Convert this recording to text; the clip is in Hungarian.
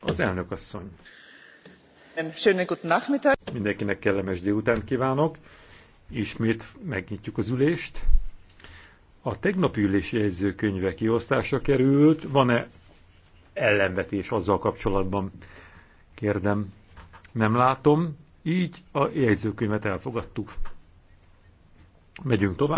Az elnök asszony. Mindenkinek kellemes délután kívánok. Ismét megnyitjuk az ülést. A tegnapi ülési jegyzőkönyve kiosztásra került. Van-e ellenvetés azzal kapcsolatban? Kérdem. Nem látom. Így a jegyzőkönyvet elfogadtuk. Megyünk tovább.